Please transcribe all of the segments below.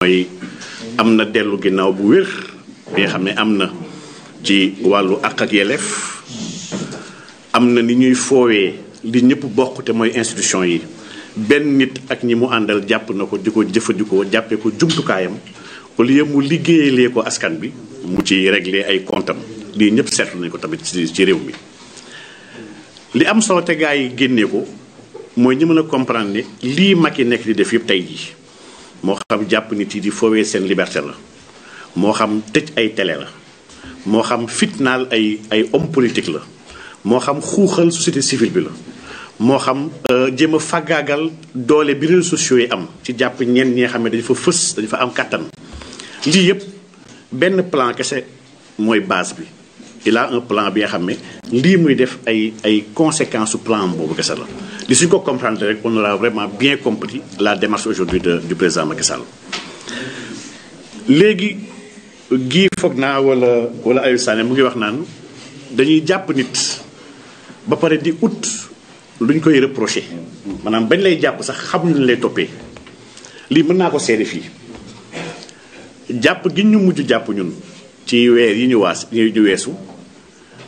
mooy am na dellu ginnaaw bu wér bi nga xam ne am na ci wàllu àq ak yelleef am na ni ñuy foowee li ñëpp bokk te mooy institution yi benn nit ak ñi mu àndal jàpp na ko di ko jëfandikoo jàppee ko jumtukaayam au lieu mu liggéeyalee ko askan bi mu ci régler ay comptam lii ñëpp seetlu nañ ko tamit ci réew mi li am soo te génnee ko mooy ñu mën a comprendre ne lii mag yi nekk di def yëpp tey jii moo xam jàpp nit yi di foowee seen liberté la moo xam tëj ay tele la moo xam fitnaal ay ay homme politique la moo xam xuuxal société civile bi la moo xam euh, jéem a faggaagal doole bi réseaux sociaux yi am ci jàpp ñenn ñi nga xam ne dañu fa fës dañu fa am kàttan lii yëpp benn plan kese mooy base bi il a un plan bi nga xam ne lii muy def ay ay conséquences su plan boobu kese la li suñ ko comprendre rek on aura vraiment bien compris la démarche aujourd'hui de du président Macky Sall léegi gii foog naa wala wala Aliou Sané mu ngi wax naan dañuy jàpp nit ba pare di ut luñ koy reproché maanaam bañ lay jàpp sax xam nañ lay toppee lii mën naa ko seede fii jàpp gi ñu mujj jàpp ñun ci weer yi ñu waas ñu weesu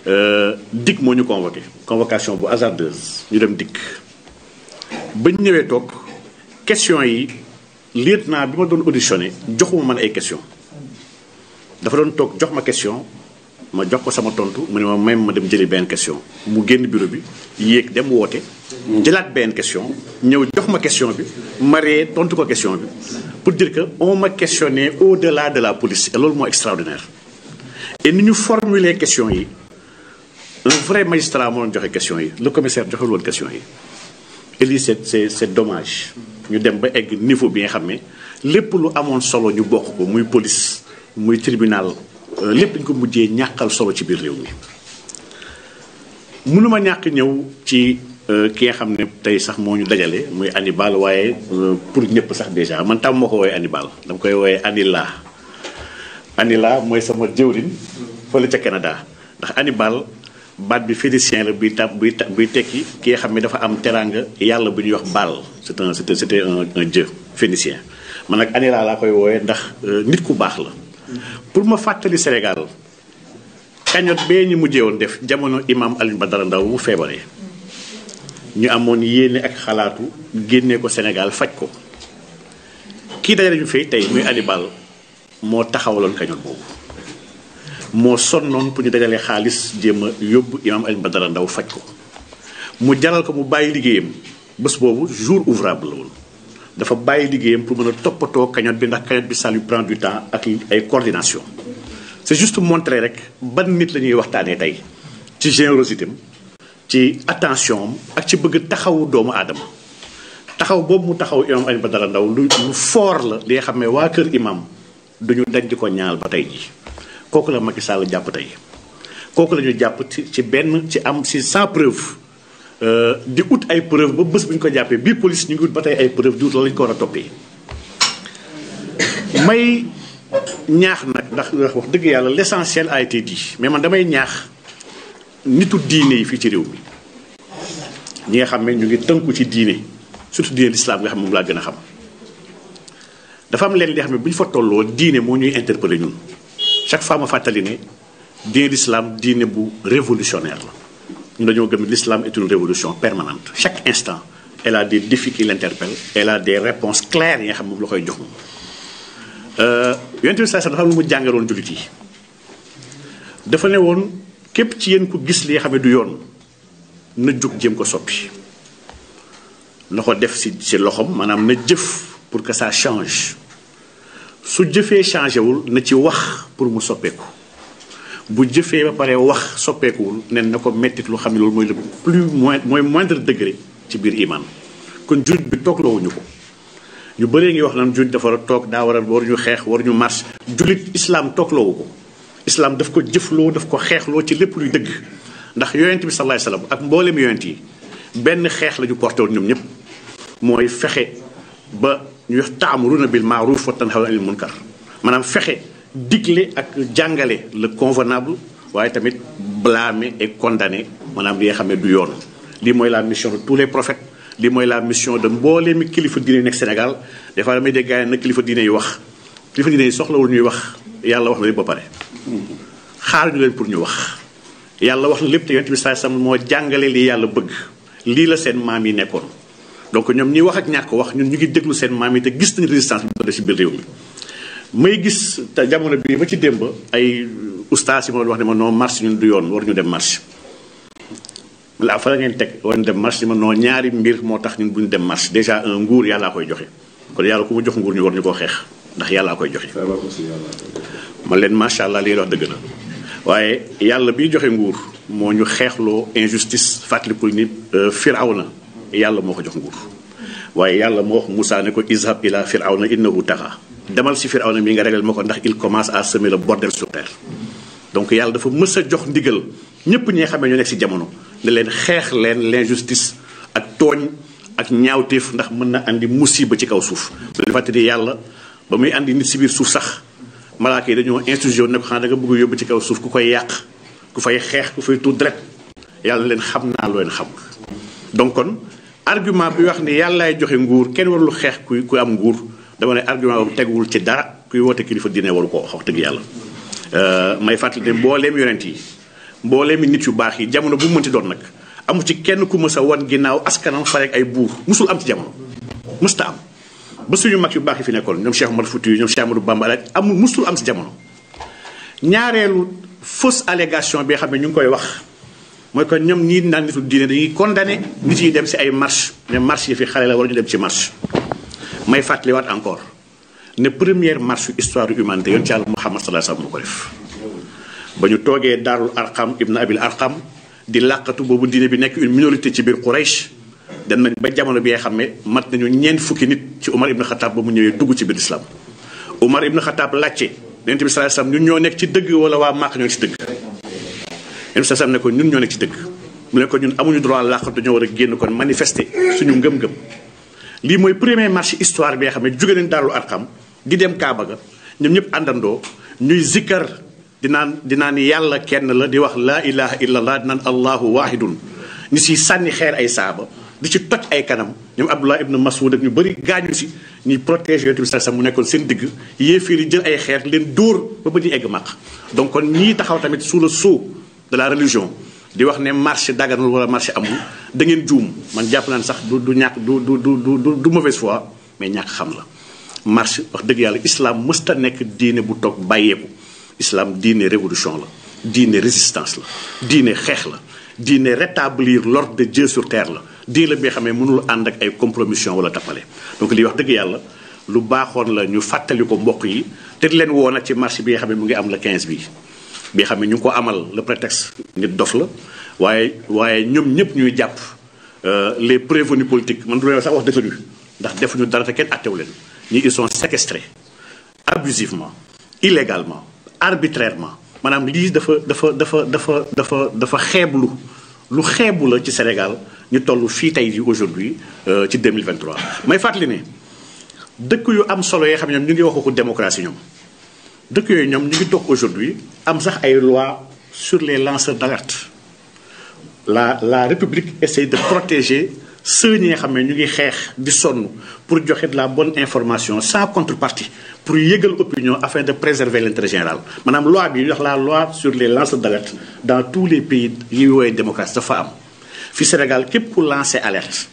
Euh, dikk moo ñu convoqué convocation bu hasardeuse ñu dem dikk bañ ñëwee toog question yi lieutenant bi ma doon auditionné joxuma man ay question dafa doon toog jox ma question ma jox ko sama tontu mu ne ma même ma dem jëli benn question mu génn bureau bi yéeg dem woote jëlaat benn question ñëw jox ma question bi ma ree tontu ko question bi pour dire que on m'a questionné au la de la police et loolu moo extraordinaire et ni ñu formuler question yi le vrai magistrat moo joxe question yi le commissaire joxewul woon question yi et lii c'est c'est ñu dem ba egg niveau bi nga xam ne lépp lu amoon solo ñu bokk ko muy police muy tribunal euh, lépp dañ ko mujjee ñàkkal solo ci biir réew mi mënuma ñàkk ñëw ci euh, ki nga xam ne tey sax moo ñu dajale muy Hannibal waaye euh, pour ñëpp sax déjà man tam moo ko woowee Hannibal dama koy woowee Anila Anila mooy sama jëwriñ fële ca Canada ndax Hannibal baat bi phénicien la buy tàb buy buy tekki ki nga xam ne dafa am teraanga yàlla bu ñuy wax Baal c'est un c'était un un dieu phénicien man nag Anéla laa koy wooyee ndax euh, nit ku baax la. pour ma fàttali Sénégal cagnotte bee ñu mujjee woon def jamono imam ba dara ndaw bu feebaree ñu amoon yéene ak xalaatu génnee ko Sénégal faj ko kii dajale ñu fay tey muy Hannibal moo taxawaloon cagnotte boobu. moo sonnoon pour ñu dajale xaalis jéem a yóbbu imam Alioune Badara Ndao faj ko mu jalal ko mu bàyyi liggéeyam bés boobu jour ouvrable la dafa bàyyi liggéeyam pour mën a toppatoo cagnotte bi ndax cagnotte bi ça lui prend du temps ak ay coordination c'est juste montrer rek ban nit la ñuy waxtaanee tey ci générosité am ci attention am ak ci bëgg taxawu doomu aadama taxaw boobu mu taxaw imam Alioune Badara Ndao lu lu la li xame waa kër imam duñu dañ di ko ñaal ba tey kooku la Macky Sall jàpp tey kooku lañuy jàpp ci ci benn ci am ci sans preuve euh, di ut ay preuve ba bës bu ñu ko jàppee bii police ñu ngi ut ba tey ay preuve di ut la ñu ko war a toppee may ñaax nag ndax wax dëgg yàlla l'essentiel a été mais man damay ñaax nitu diine yi fii ci réew mi ñi nga xam ne ñu ngi tënku ci diine surtout diine l'islam nga xam moom laa gën a xam dafa am leen li xam bu ñu fa tolloo diine moo ñuy interpeller ñun chaque fois ma fàttali ne diine l'islam diine bu révolutionnaire la ñu dañoo gëm l'islam est une révolution permanente chaque instant elle a des défis qui l'interpellent elle a des réponses claires yi nga xam moom la koy jox moom euh, yonent bi dafa lu mu jàngaloon jullit yi dafa ne woon képp ci yéen ku gis li nga xam ne du yoon na jug jéem ko soppi na ko def si si loxoom maanaam na jëf pour que ça change su jëfee changé wul na ci wax pour mu soppeeku bu jëfee ba pare wax soppeekuwul nen na ko mettit lu xam loolu mooy le plus moins mooy moindre degré ci biir iman kon juuj bi toogloowuñu ko yu bëree ngi wax naan juuj dafa war a toog daa war a war xeex war ñu marche jullit islam toogloowu ko islam daf ko jëfloo daf ko xeexloo ci lépp luy dëgg ndax yonent bi sallallahu alayhi wasallam ak mboolem yonent yi benn xeex la ñu porté woon ñëpp mooy fexe ba ñu wax taamuruna bil maaruf wa tanhawna anil munkar maanaam fexe digle ak jàngale la convenable waaye tamit blâmer et condamner maanaam li nga xam ne du yoon lii mooy la mission de tous les prophètes lii mooy la mission de mboolee mi kilifa diine nekk Sénégal des fois damay dégg gars kilifa diine yi wax kilifa diine yi soxlawul ñuy wax yàlla wax na lépp ba pare xaaruñu leen pour ñu wax yàlla wax na lépp te yonent bi sallallahu alayhi moo jàngale lii yàlla bëgg lii la seen maam yi nekkoon donc ñoom ñuy wax ak ko wax ñun ñu ngi déglu seen maam yi te gis nañu résistance bi doon def si biir réew mi may gis te jamono bii ba ci démb ay ustaas yi ma doon wax ne ma non marche ñun du yoon war ñu dem marche la fa ngeen teg war ñu dem ma non ñaari mbir moo tax ñun bu ñu dem marche déjà un nguur yàllaa koy joxe kon yàlla ku mu jox nguur ñu war ñu koo xeex ndax yàllaa koy joxe ma leen macha allah li wax dëgg na waaye yàlla bi joxe nguur moo ñu xeexloo injustice fàttalikul ni euh, firaw na yàlla moo ko jox nguur waaye yàlla moo wax Moussa ne ko izhab ila firawna innahu taxa demal si firawna mi nga réglal ma ko ndax il commence à semer le bordel sur terre donc yàlla dafa mës a jox ndigal ñépp ñi nga ne ñoo nekk si jamono ne leen xeex leen l'injustice ak tooñ ak ñaawteef ndax mën na andi musiba ci kaw suuf dañu fàtte ni yàlla ba muy andi nit si biir suuf sax malaaka yi dañoo institution ne ko xanaa da bëgg yóbbu ci kaw suuf ku koy yàq ku fay xeex ku fay tuut deret yàlla leen xam naa loo leen xam donc argument bi wax ni yàllaay joxe nguur kenn warul xeex ku ku am nguur dama ne argument boobu teguwul ci dara kuy woote kilifa diine waru ko wax dëgg yàlla. Euh, may fàttali ne mbooleem yonent yi mbooleem nit yu baax yi jamono bu mu mënti doon nag amu ci kenn ku mës a wan ginnaaw askanam farek ay buur musul am ci jamono. musta am ba suñu mag yu baax yi fi nekkoon ñoom Cheikh Omar Fouti ñoom Cheikh Amadou Bamba laaj amul musul am ci jamono ñaareelu fausse allégation bi xam ne ñu ngi koy wax. mooy kon ñoom ñii naan nitu diine dañuy condamné nit yi dem si ay marche ne marche yi fi xale la war ñu dem ci marche may fàttaliwaat encore ne première marche histoire humanité yoon ci yàlla Muhammad sallallahu alayhi wasallam moo ko def ba ñu toogee daarul arqam ibn abil arqam di làqatu boobu diine bi nekk une minorité ci biir Quraysh dem nañ ba jamono bi nga xam ne mat nañu ñeent fukki nit ci Umar ibn Khattab ba mu ñëwee dugg ci biir islam Umar ibn Khattab laajte Yonent bi sallallahu alayhi wasallam ñoo nekk ci dëgg wala waa Màkka ñoo ci yéen sa sam ne ko ñun ñoo nekk ci dëgg mu ne ko ñun amuñu droit làqatu ñoo war a génn kon manifester suñu ngëm-ngëm lii mooy premier marche istoire bi nga xam ne jóge nañ Daarul Arqam di dem Kaaba ga ñoom ñëpp àndandoo ñuy zikkar di naan di naan yàlla kenn la di wax laa ilaha illallah di naan allahu waahidun ñu siy sànni xeer ay saaba di ci toj ay kanam ñoom Abdullah ibn Mas'ud ak ñu bëri gaañu si ñuy protéger yonent bi sa mu nekkoon seen digg yéeféer yi jël ay xeer leen dóor ba ba di egg màq donc kon taxaw tamit sous le de la religion di wax ne marché daganul wala marché amul da ngeen juum man jàpp naan sax du du ñàkk du du du du du mauvaise foi mais ñàkk xam la. marché wax dëgg yàlla islam mësta nekk diine bu toog bàyyeeku islam diine révolution la diine résistance la diine xeex la diine rétablir l'ordre de Dieu sur terre la diine bi nga xam ne mënul ànd ak ay compromission wala tappale donc lii wax dëgg yàlla. lu baaxoon la ñu fàttali ko mbokk yi te leen woo nag ci marché bi xam ne mu ngi am la 15 bi bi xam ne ñu ngi ko amal le prétexte nit dof la waaye waaye ñoom ñëpp ñuy jàpp euh, les prévenus politiques man du leen sax wax détenu ndax defuñu dara te kenn attewu leen ñi ils sont séquestrés abusivement illégalement arbitrairement maanaam lii dafa dafa dafa dafa dafa dafa xeeblu lu xeebu la ci Sénégal ñu toll fii tey jii aujourd'hui euh, ci 2023 may fàttali ne dëkk yu am solo yoo xam ne ñoom ñu ngi waxu ko démocratie ñoom dëkk yooyu ñoom ñu ngi toog aujourd'hui am sax ay loi sur les lanceurs d'alerte la la république essaie de protéger ceux ñi nga xam ne ñu ngi xeex di sonn pour joxe de la bonne information sans contrepartie pour yëgal opinion afin de préserver l'intérêt général maanaam loi bi wax laa loi sur les lanceurs d'alerte dans tous les pays yi woowee démocratie fa am fi Sénégal képp ku lancé alerte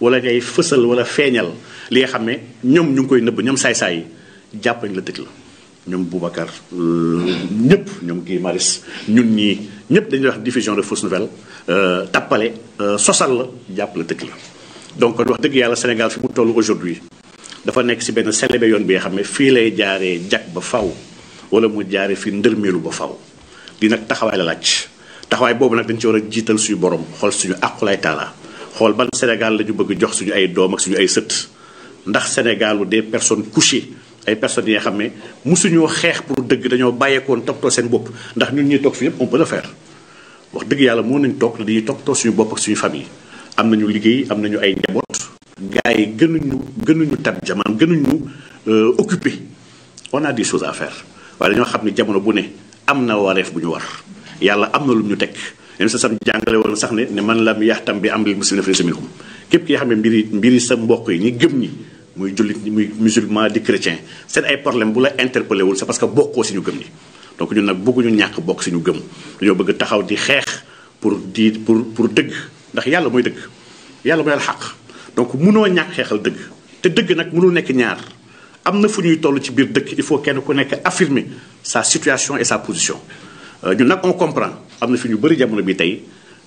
wala ngay fësal wala feeñal li nga xam ne ñoom ñu ngi koy nëbb ñoom saay-saay yi jàpp la dëgg la ñoom Boubacar euh, ñëpp ñoom Guy Marius ñun ñii ñëpp dañuy wax diffusion de fausse nouvelle euh, tappale euh, sosal la jàpp la tëkk la donc kon wax dëgg yàlla Sénégal fi mu toll aujourd'hui dafa nekk si benn selebe yoon bi nga xam ne fii lay jaaree jag ba faw wala mu jaaree fii ndërmeelu ba faw di nag taxawaay la laaj taxawaay boobu nag dañ ci war a jiital suñu borom xool suñu àqulaay taala xool ban Sénégal la ñu bëgg jox suñu ay doom ak suñu ay sët ndax Sénégalu des personnes couchées ay personnes yi nga xam ne mosuñoo xeex pour dëgg dañoo bàyyeekoon toppatoo seen bopp ndax ñun ñuy toog fi yëpp on peut le faire wax dëgg yàlla moo nañ toog dañuy toog suñu bopp ak suñu famille am nañu liggéey am nañu ay njaboot gars yi gënuñu gënuñu tab jamono gënuñu euh, occupé on a des choses à faire waaye dañoo xam ne jamono bu ne am na wareef bu ñu war yàlla am na lu ñu teg même sa sam jàngale woon sax ne ne man lam tam bi am amril muslimina falaysa minhum képp ki nga xam ne mbiri mbiri sa mbokk yi ñi gëm ñi muy jullit muy musulman di chrétien seen ay problème bu la interpellé wul c'est parce que bokkoo si ñu gëm ni donc ñun nag bëgguñu ñàkk bokk si ñu gëm dañoo bëgg taxaw di xeex pour di pour pour dëgg ndax yàlla mooy dëgg yàlla mooy alxaq donc mënoo ñàkk xeexal dëgg te dëgg nag mënul nekk ñaar am na fu ñuy toll ci biir dëkk il faut kenn ku nekk affirmer sa situation et sa position euh, ñun nag on comprend am na fi ñu bëri jamono bi tey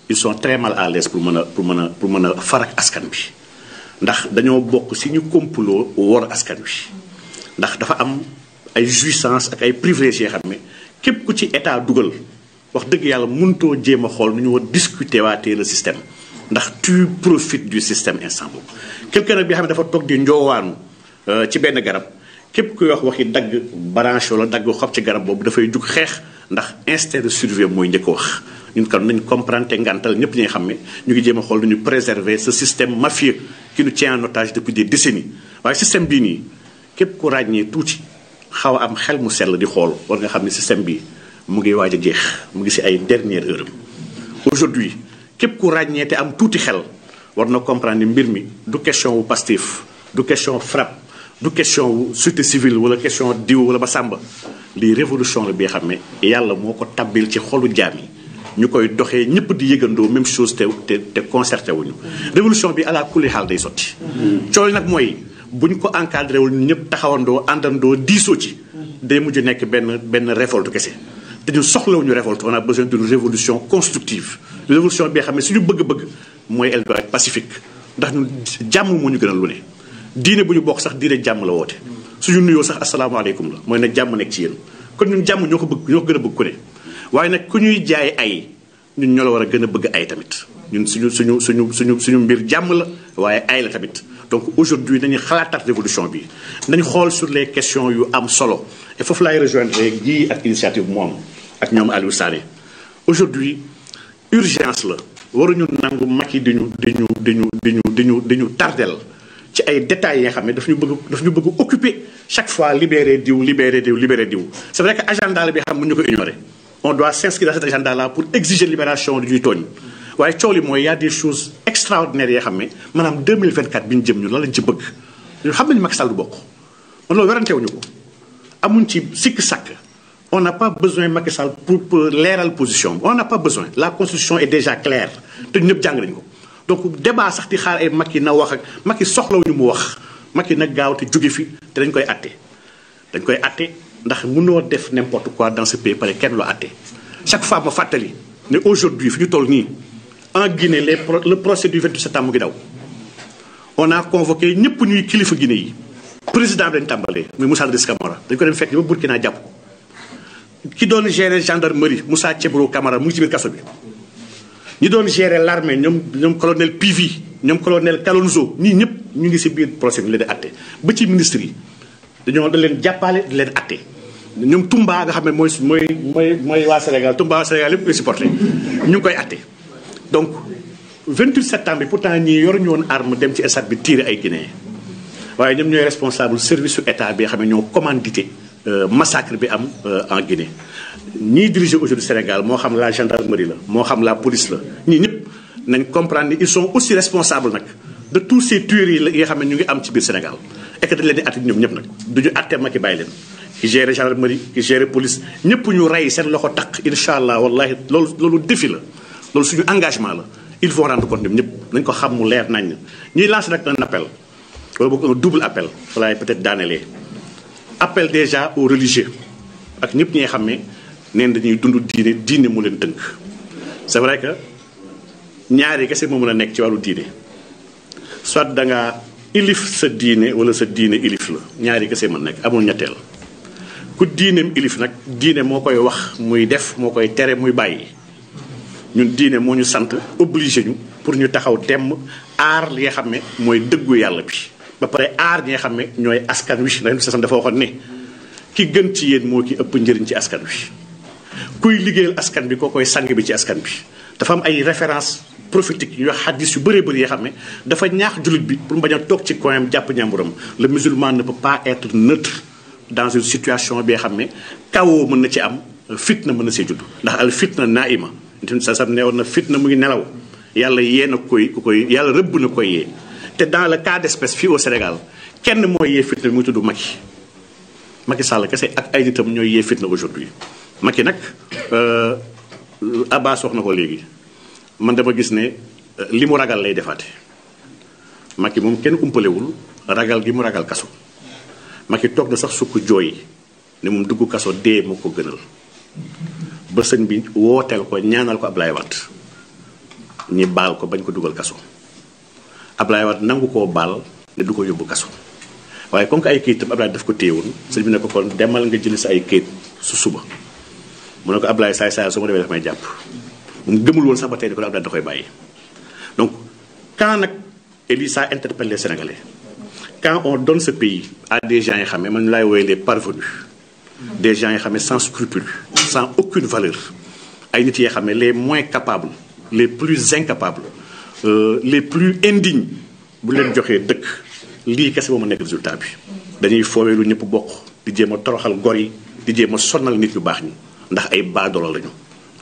il sont très mal à l'aise pour mën a pour mën a pour mën a farak askan bi ndax dañoo bokk si ñu complot wor askan wi ndax dafa am ay jouissance ak ay privilèges yoo xam ne képp ku ci état dugal wax dëgg yàlla mënutoo jéem a xool nu ñu war discuter waatee la système ndax tu profites du système instant boobu. quelqu'un nag bi xam ne dafa toog di njoowaanu euh, ci benn garab képp kuy wax waxi dagg branche wala dagg xob ci garab boobu dafay jug xeex ndax instinct de mooy njëkk wax. ñun kon nañ comprendre te ngantal ñëpp ñi nga xam ne ñu ngi jéem a xool nu ñu préserver ce système mafieux qui nous tient en otage depuis des décennies waaye système bii nii képp ku ràññee tuuti xaw a am xel mu la di xool war nga xam ne système bi mu ngi waaj a jeex mu ngi si ay dernière heure am aujourd'hui képp ku ràññee te am tuuti xel war na comprendre mbir mi du question wu Pastef du question frappe du question wu société civile wala question diw wala ba sàmba lii révolution bi xam ne yàlla moo ko tabbil ci xolu jaam yi ñu koy doxee ñëpp di yëgandoo même chose te te te concerté wuñu révolution bi ala kulli xaal day sotti cool nag mooy bu ñu ko encadré wul ñëpp taxawandoo àndandoo diisoo ci day mujj nekk benn benn révolte kese te ñun soxlawuñu révolte on a besoin d'une révolution constructive révolution bi nga xam ne suñu bëgg-bëgg mooy elle doit être pacifique ndax ñu jàmm moo ñu a lu ne diine bu ñu bokk sax diine jàmm la woote su suñu nuyoo sax asalaamaaleykum la mooy ne jàmm nekk ci yéen kon ñun jàmm ñoo ko bëgg ñoo ko a bëgg ku ne waaye nag ku ñuy jaay ay ñun ñoo la war a gën a bëgg ay tamit ñun suñu suñu suñu suñu suñu mbir jàmm la waaye ay la tamit donc aujourd'hui nañu xalaataat révolution bi nañu xool sur les questions yu am solo et foofu laay rejoindre gii ak initiative moom ak ñoom Aliou Sané aujourd'hui urgence la waruñu nangu Macky di ñu di ñu di ñu di ñu di ñu di ñu tardel ci ay détails yi nga xam ne daf ñu bëgg daf ñu bëgg occuper chaque fois libéré diw libéré diw libéré diw c'est vrai que agenda bi xam ko ignorer on doit s'inscrire dans cet agenda-là pour exiger libération du tooñ waaye coow li mooy y a des choses extraordinaires yoo xam ne maanaam 2024 bi ñu jëm ñun lan ci bëgg ñun xam nañu Macky Sall du bokk man loolu werantewuñu ko amuñ ci sikk sàkk on n'a pas besoin Macky Sall pour pour leeral position on n'a pas besoin la constitution est déjà claire te ñëpp jàng lañ ko donc débat sax di xaar ay Macky na wax ak Macky soxlawuñu mu wax Macky na gaaw te jóge fi te dañ koy atte dañ koy atte ndax mënoo def n'importe quoi dans ce pays pare kenn lu àtte chaque fois ma fàttali ne aujourd'hui fi ñu toll nii en Guinée les le procès du 28 septembre mu ngi daw on a convoqué ñëpp ñuy kilifa Guinée yi président bi lañ tàmbalee muy Moussa Dadis Camara dañ ko dem fekk ñu ba Burkina jàpp ko ki doon gérer gendarmerie Moussa Thiebro Camara mu ngi ci biir kaso bi ñi doon gérer l'armée ñoom ñoom colonel Pivi ñoom colonel Kalonzo ñii ñëpp ñu ngi si biir pro bi leen di àtte ci ministre yi dañoo dañ leen jàppale di leen atte ñoom Tumba nga xam ne mooy mooy mooy mooy waa Sénégal Tumba waa Sénégal yëpp supporté ñu ngi koy atte donc 28 septembre pour pourtant ñii yoruñu woon arme dem ci stade bi tiire ay Guinéen waaye ñoom ñooy responsable service su état bi xam ne ñoo commandité euh, massacre bi am euh, en Guinée ñii dirigé aujourd'hui Sénégal moo xam la gendarmerie la moo xam la police la ñii ñëpp nañ comprendre ni ils sont aussi responsables nag de tous ces tueries yi nga xam ne ñu ngi am ci biir Sénégal et que dañ leen di atte ñoom ñëpp nag du ñu atte Macky bàyyi leen ki géré gendarmerie ki géré police ñëpp ñu rey seen loxo takk incha allah wallahi loolu loolu défi la loolu suñu engagement la il faut rendre compte ñëpp nañ ko xam mu leer nañ ñuy lancer nag na appel wala boog ko double appel walaay peut-être daanelee appel déjà aux religieux ak ñëpp ñi nga xam ne neen dañuy dund diine diine mu leen tënk c'est vrai que ñaari kese moo mën a nekk ci wàllu diine ilif sa diine wala sa diine ilif la ñaari kese mën nekk amul ñetteel ku diineem ilif nag diine moo koy wax muy def moo koy tere muy bàyyi ñun diine moo ñu sant obligé ñu pour ñu taxaw temm aar li nga xam ne mooy dëggu yàlla bi ba pare aar ñi nga xam ne ñooy askan wi ndax sa dafa waxoon ne ki gën ci yéen moo ki ëpp njëriñ ci askan wi kuy liggéeyal askan bi koo koy sang bi ci askan bi dafa am ay référence prophétique yu ñuy wax xadis yu bëree bëri yoo xam ne dafa ñaax jullit bi pour mu a toog ci coin jàpp ñàmburam le musulman ne peut pas être neutre dans une situation bi xam ne kawoo mën na ci am fitna mën na see judd ndax al fitna naa itam sa sam neewoon na fitna mu ngi nelaw yàlla yee na koy ku koy yàlla rëbb na koy yee te dans le cas d'espèce fii au Sénégal kenn mooy yee fitna bi mu tudd Macky Macky Sall kese ak ay nitam ñooy yee fitna aujourd'hui Macky nag euh, Abbas na ko léegi man dama gis ne euh, li mu ragal lay defaate Macky moom kenn umpalewul ragal gi mu ragal kaso Macky toog na sax sukk jooy ne moom dugg kaso dee moo ko gënal ba sëñ bi wooteel ko ñaanal ko Ablaye Wade ñi baal ko bañ ko dugal kaso Ablaye Wade nangu koo baal ne du ko yóbbu kaso waaye comme que ay këyitam Ablaye daf ko téyewoon sëñ bi ne ko kon demal nga jëli sa ay këyit su suba mu ne ko Ablaye saay saay su ma demee daf may jàpp moom gëmul woon sax ba tey ne ko Abdoulaye da koy bàyyi donc quand nag Elie ça interpelle les Sénégalais quand on donne ce pays à des gens yi xam ne man laay woowee les parvenus des gens yi xam ne sans scrupule sans aucune valeur ay nit yi xam ne les moins capables les plus incapables euh, les plus indignes bu leen joxee dëkk lii kese moo ma nekk résultat bi dañuy foowee lu ñëpp bokk di jéem a toroxal gor yi di jéem a sonal nit yu baax ñi ndax ay baadoolo lañu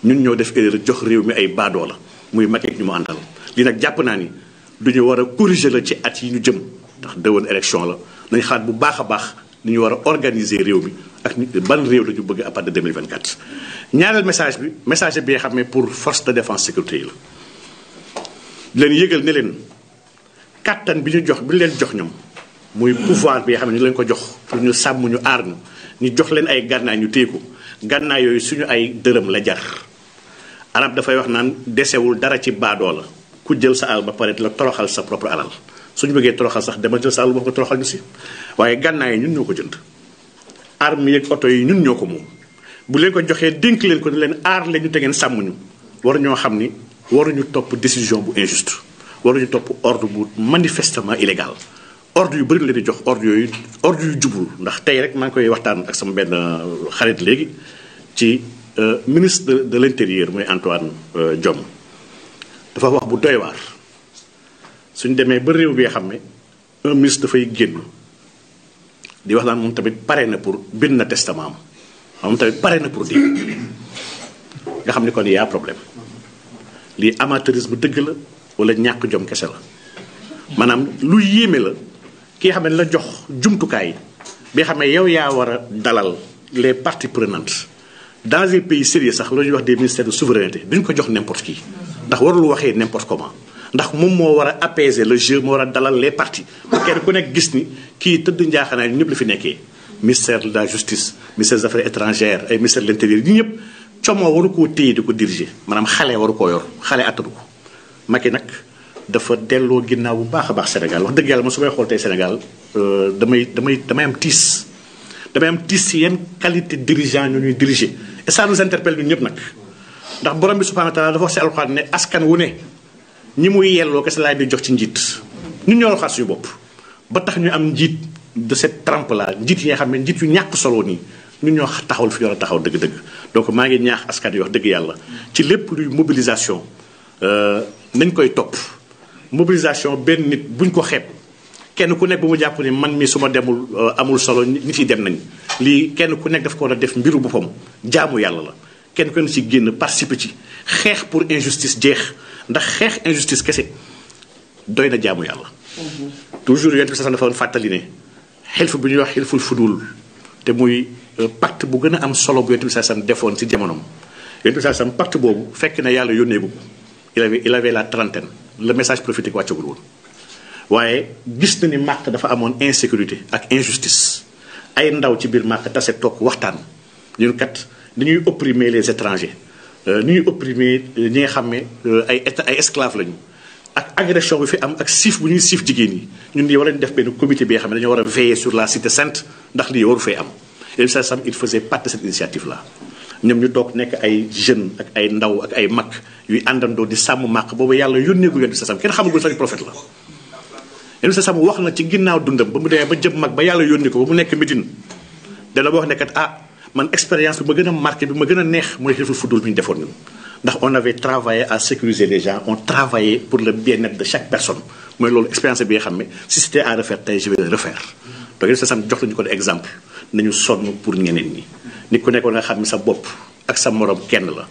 ñun ñoo def erreur jox réew mi ay baadoo la muy Macky ñu mu àndal li nag jàpp naa ni du ñu war a corriger la ci at yi ñu jëm ndax dëwoon élection la nañ xaat bu baax a baax ni ñu war a organiser réew mi ak ban réew la ñu bëgg à partir de 2024. ñaareel message bi message bi xam ne pour force de défense sécurité yi la leen yëgal ne leen kattan bi ñu jox bi ñu leen jox ñoom muy pouvoir bi nga xam ne ñu leen ko jox pour ñu sàmm ñu aar ñu ñu jox leen ay gànnaay ñu téye ko gànnaay yooyu suñu ay dërëm la jar. arab dafay wax naan desewul dara ci baadoola ku jël sa alal ba pare la toroxal sa propre alal suñu bëggee toroxal sax dama jël sa alal boo ko toroxal ñu si waaye gànnaay ñun ñoo ko jënd armes yëg oto yi ñun ñoo ko moom bu leen ko joxee dénk leen ko ne leen aar leen ñu te ngeen sàmm ñu war ñoo xam ni waruñu topp décision bu injuste waruñu topp ordre bu manifestement illégal ordre yu bëri leen di jox ordre yooyu ordre yu jubul ndax tey rek maa ngi koy waxtaan ak sama benn xarit léegi Euh, ministre de l'intérieur mooy Antoine euh, Diome dafa wax bu doy suñ demee ba réew bi nga xam ne un ministre dafay génn di wax naan moom tamit pare na pour bind na testament am moom tamit pare na pour di nga xam ne kon yaa problème lii amateurisme dëgg la wala ñàkk jom kese la maanaam lu yéeme la ki xam ne la jox jumtukaay bi xam ne yow yaa war a dalal les parties prenantes dans un pays sérieux sax la ñu wax des ministères de souveraineté duñ ko jox n'importe qui ndax warul waxee n'importe comment ndax moom moo war a apaiser le jeu moo war a dalal les parties ba kenn ku nekk gis ni kii tëdd njaaxanaay ñëpp lu fi nekkee ministère de la justice ministère des affaires étrangères ay ministère de l'intérieur yi ñëpp commoo waru ko téye di ko diriger maanaam xale waru koo yor xale attanu ko ma Macky nag dafa delloo ginnaaw bu baax a baax Sénégal wax dëgg yàlla su may xool tey Sénégal euh, damay damay damay am tiis damay am tiis si yenn qualité dirigeant ñu ñuy diriger et ça nous interpelle ñun ñëpp nag ndax borom bi subhanahu wa taala dafa wax ne askan wu ne ñi muy yelloo kese laay di jox ci njiit ñu ñoo xaar suñu bopp ba tax ñu am njiit de cette trempe là njiit yi nga xam ne njiit yu ñàkk solo nii ñu ñoo taxawal fi ñu a taxaw dëgg-dëgg donc maa ngi ñaax askan yi wax dëgg yàlla ci lépp luy mobilisation euh, nañ koy topp mobilisation benn nit buñ ko xepp kenn ku nekk bu mu jàpp ni man mi suma demul euh, amul solo nit yi dem nañ lii kenn ku nekk daf ko war a def mbiru boppam jaamu yàlla la kenn ku nekk ci génn participer ci xeex pour injustice jeex ndax xeex injustice kese doy na jaamu yàlla mhm. toujours yonent bi sax dafa fàttali ne xelfu bi ñuy wax fu fudul te muy euh, pacte bu gën a am solo bu yonent bi sax defoon ci jamonoom yonent bi sax pacte boobu fekk na yàlla yónneegu il ilaver il avait la trentaine le message waaye gis na ni màq dafa amoon insécurité ak injustice ay ndaw ci biir màq tase toog waxtaan ñun kat ni ñuy opprimer les étrangers ni euh, ñuy opprimer euh, ñi nga xam ne euh, ay état ay esclaves lañu. ak agression bi fi am ak siif bu ñuy siif jigéen yi ñun di war nañu def benn comité bi nga xam ne dañoo war a veiller sur la cité sainte ndax lii waru fay am et ça sam il faisait partie de cette initiative là. ñoom ñu toog nekk ay jeunes ak ay ndaw ak ay mag yuy àndandoo di sàmm màq boobu yàlla yónneegu yoon bi sa sam kenn xamagul sax prophète Yonent sa sam wax na ci ginnaaw dundam ba mu demee ba jëm mag ba yàlla yónni ko ba mu nekk Médine dana ba wax ne kat ah man expérience bi ma gën a marqué bi ma gën a neex mooy xilful fudul bi ñu defoon ñun ndax on avait travaillé à sécuriser les gens on travaillait pour le bien-être de chaque personne mooy loolu expérience bi nga xam ne si c'était à refaire tey je vais le refaire donc Yonent sa sam jox nañu ko exemple nañu sonn pour ñeneen nii nit ku nekkoon nga xam ne sa bopp ak sa morom kenn la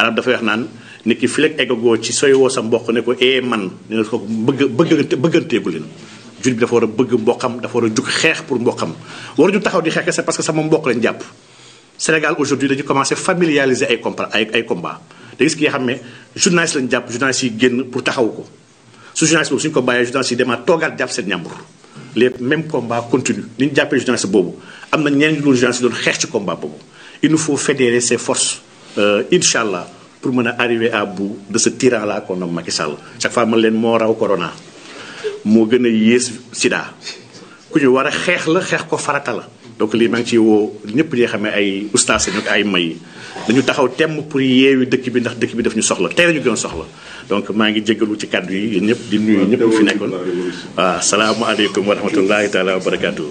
arab dafay wax naan ni ki fileeg eggagoo ci sooy woo sa mbokk ne ko ee eh, man ne na ko bëgg bëgg bëgganteegu leen jur bi dafa war a bëgg mboqam dafa war a jug xeex pour mboqam waruñu taxaw di xeex c'est parce que sama mbokk lañ jàpp Sénégal aujourd'hui dañu commencé familiariser ay compa ay ay combat da gis ki nga xam ne journaliste lañ jàpp journaliste yi génn pour taxaw ko su journaliste boobu suñu ko bàyyee journaliste yi demaat toogaat jàpp seen ñàmbur les mêmes combats continuent ni ñu jàppee journaliste boobu am na ñeneen ñu doon journaliste doon xeex ci combat boobu il nous faut fédérer ces forces euh, incha allah pour mën a arriver à bout de ce tyran kon qu'on nomme Macky Sall chaque fois mën leen moo raw korona moo gën a yées sida ku ñu war a xeex la xeex ko farata la. donc lii maa ngi ciy woo ñëpp ñi xam ne ay ustaas ñu ay may dañu taxaw temm pour yeewi dëkk bi ndax dëkk bi daf ñu soxla tey la ñu gën soxla donc maa ngi jégalu ci kàddu yi yéen ñëpp di nuyu ñëpp fi nekkoon waaw salaamualeykum wa rahmatullahi taala wa barakaatu.